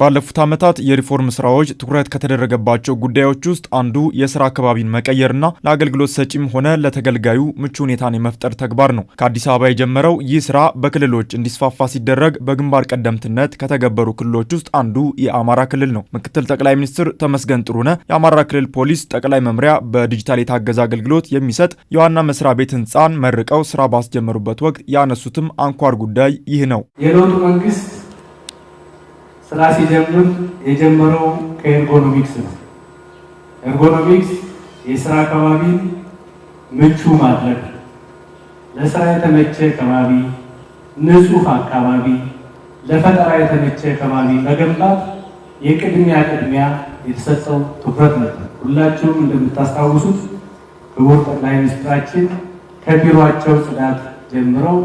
ባለፉት ዓመታት የሪፎርም ስራዎች ትኩረት ከተደረገባቸው ጉዳዮች ውስጥ አንዱ የስራ አካባቢን መቀየርና ለአገልግሎት ሰጪም ሆነ ለተገልጋዩ ምቹ ሁኔታን የመፍጠር ተግባር ነው። ከአዲስ አበባ የጀመረው ይህ ስራ በክልሎች እንዲስፋፋ ሲደረግ በግንባር ቀደምትነት ከተገበሩ ክልሎች ውስጥ አንዱ የአማራ ክልል ነው። ምክትል ጠቅላይ ሚኒስትር ተመስገን ጥሩነህ የአማራ ክልል ፖሊስ ጠቅላይ መምሪያ በዲጂታል የታገዘ አገልግሎት የሚሰጥ የዋና መስሪያ ቤት ህንፃን መርቀው ስራ ባስጀመሩበት ወቅት ያነሱትም አንኳር ጉዳይ ይህ ነው። የለውጡ መንግስት ስራ ሲጀምር የጀመረው ከኤርጎኖሚክስ ነው። ኤርጎኖሚክስ የስራ አካባቢን ምቹ ማድረግ፣ ለስራ የተመቸ ከባቢ፣ ንጹህ አካባቢ፣ ለፈጠራ የተመቸ ከባቢ መገንባት የቅድሚያ ቅድሚያ የተሰጠው ትኩረት ነበር። ሁላችሁም እንደምታስታውሱት ክቡር ጠቅላይ ሚኒስትራችን ከቢሯቸው ጽዳት ጀምረው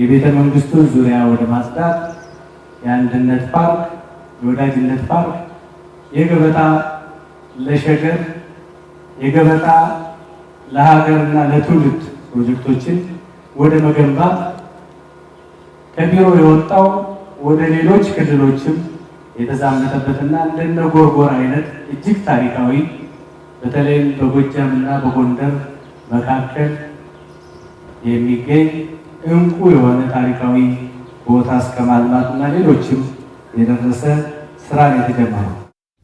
የቤተ መንግስቱን ዙሪያ ወደ ማጽዳት የአንድነት ፓርክ የወዳጅነት ፓርክ፣ የገበታ ለሸገር፣ የገበታ ለሀገርና ለትውልድ ፕሮጀክቶችን ወደ መገንባት ከቢሮ የወጣው ወደ ሌሎች ክልሎችም የተዛመተበትና እንደነ ጎርጎር አይነት እጅግ ታሪካዊ በተለይም በጎጃም እና በጎንደር መካከል የሚገኝ እንቁ የሆነ ታሪካዊ ቦታ እስከ ማልማት እና ሌሎችም የደረሰ ስራ ነው የተጀመረው።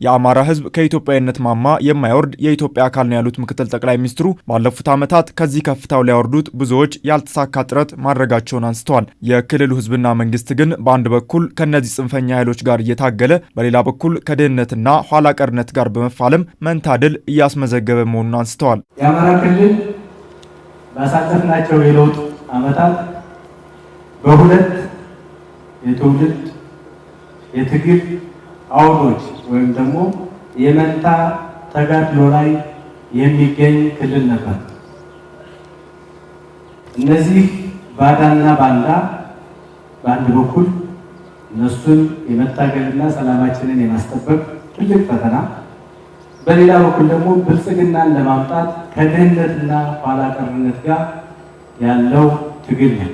የአማራ ህዝብ ከኢትዮጵያዊነት ማማ የማይወርድ የኢትዮጵያ አካል ነው ያሉት ምክትል ጠቅላይ ሚኒስትሩ ባለፉት ዓመታት ከዚህ ከፍታው ሊያወርዱት ብዙዎች ያልተሳካ ጥረት ማድረጋቸውን አንስተዋል። የክልሉ ህዝብና መንግስት ግን በአንድ በኩል ከእነዚህ ጽንፈኛ ኃይሎች ጋር እየታገለ በሌላ በኩል ከድህነትና ኋላ ቀርነት ጋር በመፋለም መንታ ድል እያስመዘገበ መሆኑን አንስተዋል። የአማራ ክልል ባሳለፍናቸው የለውጥ ዓመታት በሁለት የትውልድ የትግል አውዶች ወይም ደግሞ የመታ ተጋድሎ ላይ የሚገኝ ክልል ነበር። እነዚህ ባዳና ባንዳ በአንድ በኩል እነሱን የመታገልና ሰላማችንን የማስጠበቅ ትልቅ ፈተና፣ በሌላ በኩል ደግሞ ብልጽግናን ለማምጣት ከድህነትና ኋላ ቀርነት ጋር ያለው ትግል ነው።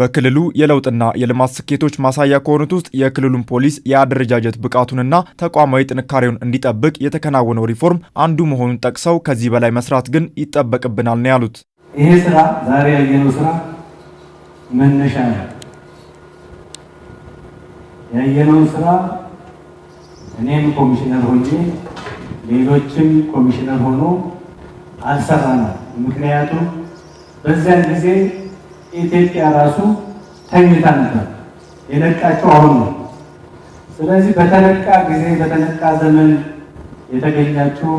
በክልሉ የለውጥና የልማት ስኬቶች ማሳያ ከሆኑት ውስጥ የክልሉን ፖሊስ የአደረጃጀት ብቃቱንና ተቋማዊ ጥንካሬውን እንዲጠብቅ የተከናወነው ሪፎርም አንዱ መሆኑን ጠቅሰው ከዚህ በላይ መስራት ግን ይጠበቅብናል ነው ያሉት። ይሄ ስራ ዛሬ ያየነው ስራ መነሻ ነው። ያየነው ስራ እኔም ኮሚሽነር ሆኜ ሌሎችም ኮሚሽነር ሆኖ አልሰራ ነው። ምክንያቱም በዚያን ጊዜ ኢትዮጵያ ራሱ ተኝታ ነበር። የነቃቸው አሁን ነው። ስለዚህ በተነቃ ጊዜ በተነቃ ዘመን የተገኛችሁ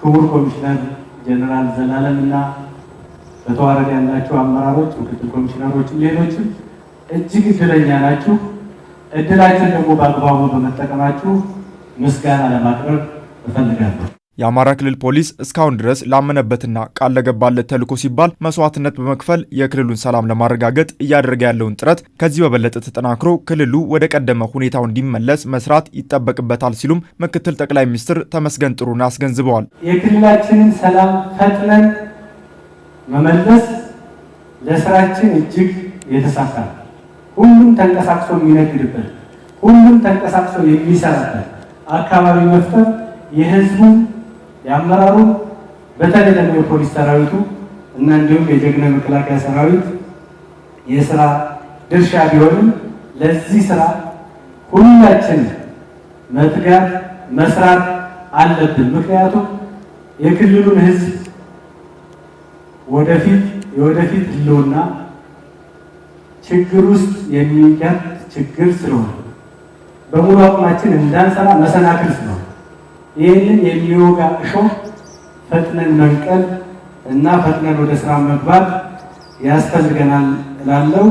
ክቡር ኮሚሽነር ጀነራል ዘላለም እና በተዋረድ ያላችሁ አመራሮች፣ ምክትል ኮሚሽነሮችም ሌሎችም እጅግ እድለኛ ናችሁ። እድላችን ደግሞ በአግባቡ በመጠቀማችሁ ምስጋና ለማቅረብ እፈልጋለሁ። የአማራ ክልል ፖሊስ እስካሁን ድረስ ላመነበትና ቃል ለገባለት ተልዕኮ ሲባል መስዋዕትነት በመክፈል የክልሉን ሰላም ለማረጋገጥ እያደረገ ያለውን ጥረት ከዚህ በበለጠ ተጠናክሮ ክልሉ ወደ ቀደመ ሁኔታው እንዲመለስ መስራት ይጠበቅበታል ሲሉም ምክትል ጠቅላይ ሚኒስትር ተመስገን ጥሩነህ አስገንዝበዋል። የክልላችንን ሰላም ፈጥነን መመለስ ለስራችን እጅግ የተሳካ ሁሉም ተንቀሳቅሶ የሚነግድበት ሁሉም ተንቀሳቅሶ የሚሰራበት አካባቢ መፍጠር የህዝቡን የአመራሩ በተለይ ደግሞ የፖሊስ ሰራዊቱ እና እንዲሁም የጀግና መከላከያ ሰራዊት የስራ ድርሻ ቢሆንም ለዚህ ስራ ሁላችን መትጋት መስራት አለብን። ምክንያቱም የክልሉን ህዝብ ወደፊት የወደፊት ህልውና ችግር ውስጥ የሚቀጥ ችግር ስለሆነ በሙሉ አቅማችን እንዳንሰራ መሰናክል ስለሆነ ይህንን የሚወጋ እሾህ ፈጥነን መንቀል እና ፈጥነን ወደ ስራ መግባት ያስፈልገናል እላለሁ።